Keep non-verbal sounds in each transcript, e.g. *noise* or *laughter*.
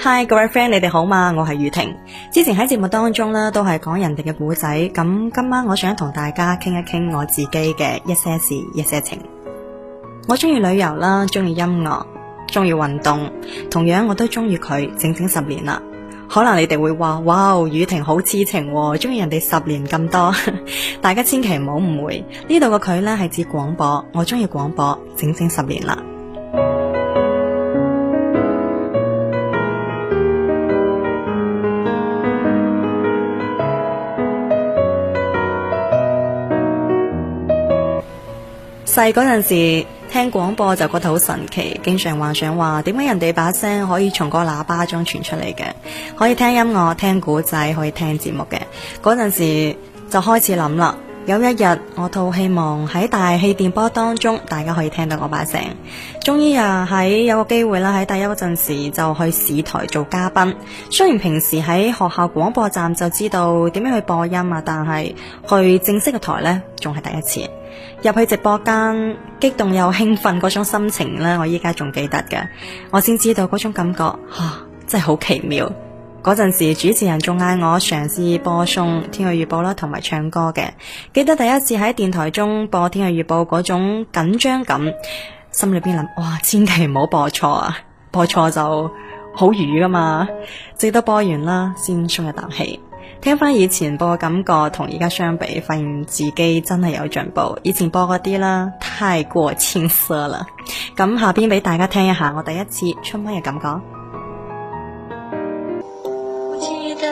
Hi，各位 friend，你哋好嘛？我係雨婷。之前喺節目當中呢，都係講人哋嘅故仔。咁今晚我想同大家傾一傾我自己嘅一些事、一些情。我中意旅遊啦，中意音樂，中意運動。同樣我都中意佢整整十年啦。可能你哋會話：哇，雨婷好痴情，中意人哋十年咁多。 *laughs* 大家千祈唔好誤會，呢度嘅佢呢係指廣播。我中意廣播整,整整十年啦。細嗰陣時聽廣播就覺得好神奇，經常幻想話點解人哋把聲可以從個喇叭中傳出嚟嘅，可以聽音樂、聽古仔、可以聽節目嘅。嗰陣時就開始諗啦。有一日，我套希望喺大氣電波當中，大家可以聽到我把聲。終於啊，喺有個機會啦，喺第一嗰陣時就去市台做嘉賓。雖然平時喺學校廣播站就知道點樣去播音啊，但係去正式嘅台呢，仲係第一次入去直播間，激動又興奮嗰種心情呢，我依家仲記得嘅。我先知道嗰種感覺，啊，真係好奇妙。嗰陣時，主持人仲嗌我嘗試播送天氣預報啦，同埋唱歌嘅。記得第一次喺電台中播天氣預報嗰種緊張感，心裏邊諗：哇，千祈唔好播錯啊！播錯就好瘀噶嘛。直到播完啦，先鬆一啖氣，聽翻以前播嘅感覺，同而家相比，發現自己真係有進步。以前播嗰啲啦，太過青澀啦。咁下邊俾大家聽一下我第一次出聲嘅感覺。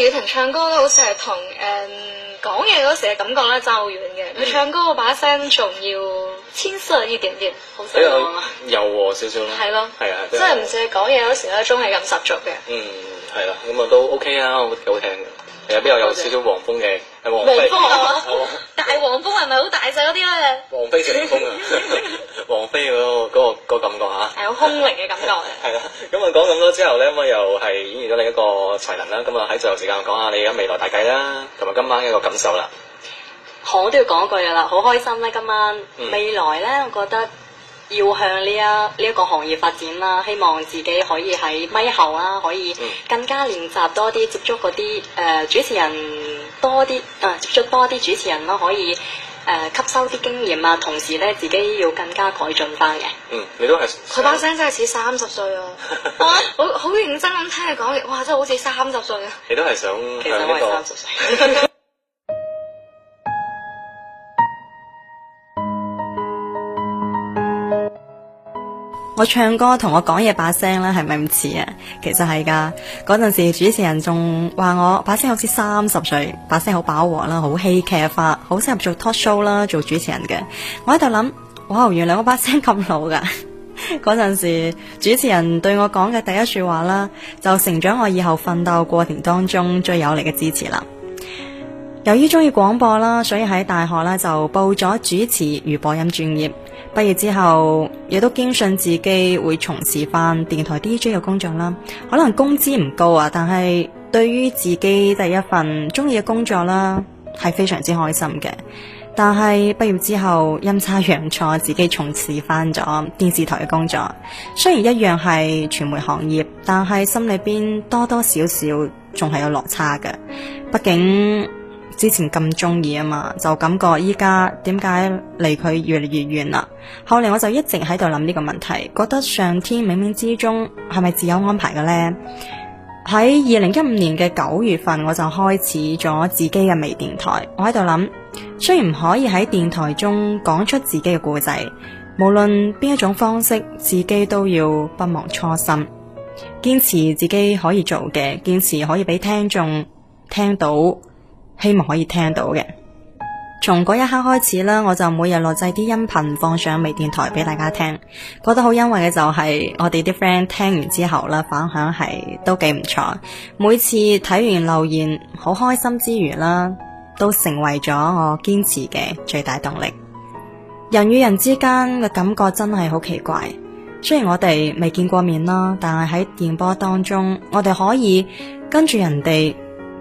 雨婷唱歌咧，好似係同誒講嘢嗰時嘅感覺咧爭好遠嘅。佢唱歌嗰把聲仲要樸素一點點，好柔和少少咯。係咯，係啊，真係唔似係講嘢嗰時咧，中氣咁十足嘅。嗯，係啦，咁啊都 OK 啊，幾好聽嘅。係啊，邊度有少少黃蜂嘅？係黃蜂，大黃蜂係咪好大隻嗰啲咧？黃蜂成蜂啊！空靈嘅感覺。係啦，咁啊講咁多之後咧，咁又係演繹咗你一個才能啦。咁啊喺最後時間講下你而家未來大計啦，同埋今晚一個感受啦。我都要講一句㗎啦，好開心咧！今晚、嗯、未來咧，我覺得要向呢一呢一個行業發展啦，希望自己可以喺咪後啊，可以更加練習多啲，接觸嗰啲誒主持人多啲，嗯、呃，接觸多啲主持人咯，可以。誒、呃、吸收啲經驗啊，同時咧自己要更加改進翻嘅。嗯，你都係。佢把聲真係似三十歲啊！ *laughs* 我好好認真咁聽你講嘢，哇，真係好似三十歲啊！你都係想。其實我係三十歲。 *laughs* 我唱歌同我講嘢把聲咧係咪唔似啊？其實係噶，嗰陣時主持人仲話我把聲好似三十歲，把聲好飽和啦，好戲劇化，好適合做 talk show 啦，做主持人嘅。我喺度諗，哇！原來我把聲咁老噶。嗰 *laughs* 陣時主持人對我講嘅第一句說話啦，就成長我以後奮鬥過程當中最有力嘅支持啦。由於中意廣播啦，所以喺大學咧就報咗主持與播音專業。畢業之後，亦都堅信自己會從事翻電台 DJ 嘅工作啦。可能工資唔高啊，但係對於自己第一份中意嘅工作啦，係非常之開心嘅。但係畢業之後陰差陽錯，自己從事翻咗電視台嘅工作，雖然一樣係傳媒行業，但係心裏邊多多少少仲係有落差嘅，畢竟。之前咁中意啊嘛，就感覺依家點解離佢越嚟越遠啦。後嚟我就一直喺度諗呢個問題，覺得上天冥冥之中係咪自有安排嘅呢？喺二零一五年嘅九月份，我就開始咗自己嘅微電台。我喺度諗，雖然唔可以喺電台中講出自己嘅故仔，無論邊一種方式，自己都要不忘初心，堅持自己可以做嘅，堅持可以俾聽眾聽到。希望可以聽到嘅。從嗰一刻開始啦，我就每日錄製啲音頻放上微電台俾大家聽。覺得好欣慰嘅就係我哋啲 friend 聽完之後啦，反響係都幾唔錯。每次睇完留言，好開心之餘啦，都成為咗我堅持嘅最大動力。人與人之間嘅感覺真係好奇怪，雖然我哋未見過面啦，但係喺電波當中，我哋可以跟住人哋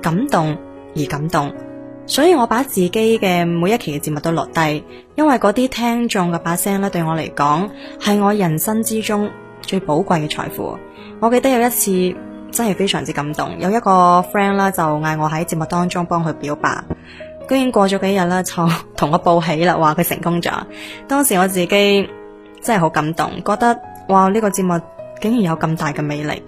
感動。而感動，所以我把自己嘅每一期嘅節目都落低，因為嗰啲聽眾嘅把聲咧，對我嚟講，係我人生之中最寶貴嘅財富。我記得有一次真係非常之感動，有一個 friend 啦就嗌我喺節目當中幫佢表白，居然過咗幾日啦就同我報喜啦，話佢成功咗。當時我自己真係好感動，覺得哇，呢個節目竟然有咁大嘅魅力。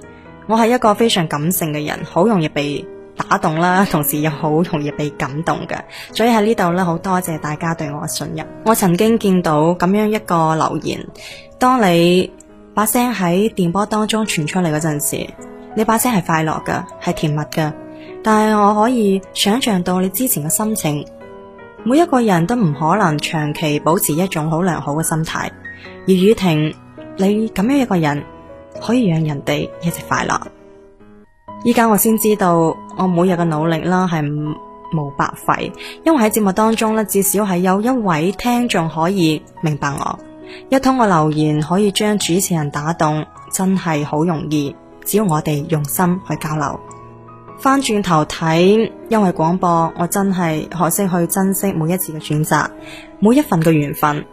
我係一個非常感性嘅人，好容易被。打動啦，同時又好容易被感動嘅，所以喺呢度咧好多謝大家對我嘅信任。我曾經見到咁樣一個留言：當你把聲喺電波當中傳出嚟嗰陣時，你把聲係快樂嘅，係甜蜜嘅。但係我可以想象到你之前嘅心情。每一個人都唔可能長期保持一種好良好嘅心態。而雨婷，你咁樣一個人，可以讓人哋一直快樂。依家我先知道。我每日嘅努力啦，係無白費，因為喺節目當中咧，至少係有一位聽眾可以明白我，一通過留言可以將主持人打動，真係好容易。只要我哋用心去交流，翻轉頭睇，因為廣播，我真係學識去珍惜每一次嘅選擇，每一份嘅緣分。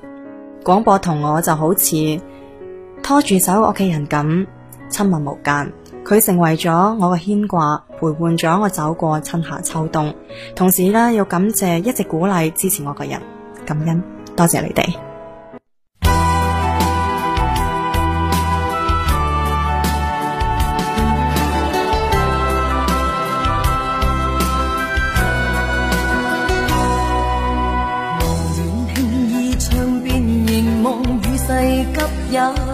廣播同我就好似拖住手屋企人咁，親密無間。佢成為咗我嘅牽掛，陪伴咗我走過春夏秋冬，同時呢，要感謝一直鼓勵支持我嘅人，感恩，多謝你哋。 *music*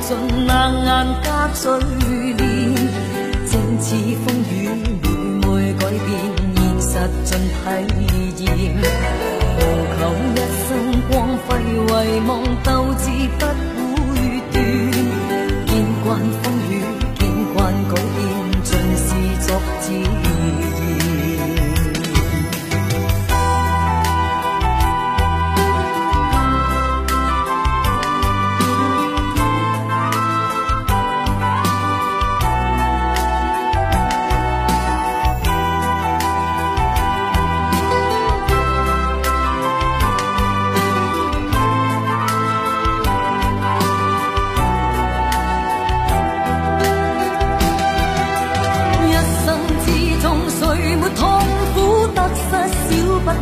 盡冷眼加嘴臉，正似風雨每每改變，現實盡體驗。無求一生光輝為，唯望鬥志不會斷，見慣風。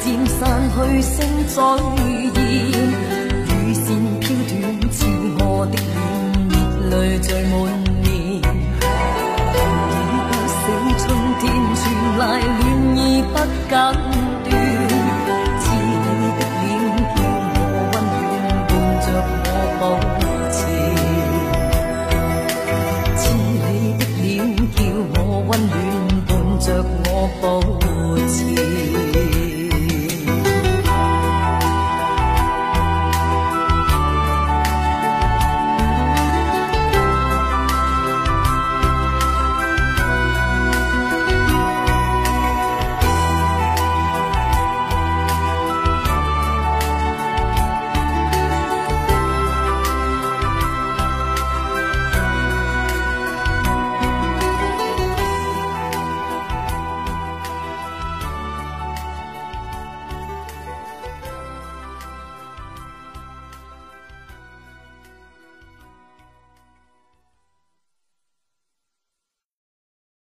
漸散去，星再現，雨線飄斷，似我的臉，熱淚聚滿面。喚醒不醒春天，傳來暖意不間斷。似你的臉叫我溫暖，伴着我保持前。似你的臉叫我溫暖，伴着我保持。